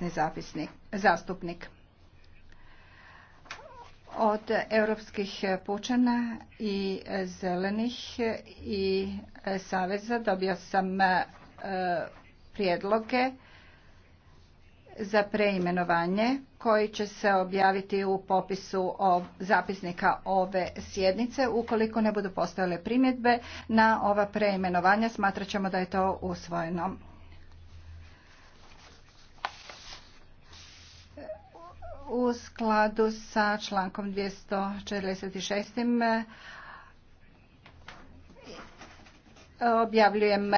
nezavisni zastupnik. Od europskih pučana i zelenih i saveza dobio sam e, prijedloge za preimenovanje koji će se objaviti u popisu zapisnika ove sjednice. Ukoliko ne budu postojale primjedbe na ova preimenovanja, smatrat ćemo da je to usvojeno. u skladu sa člankom 246. objavljujem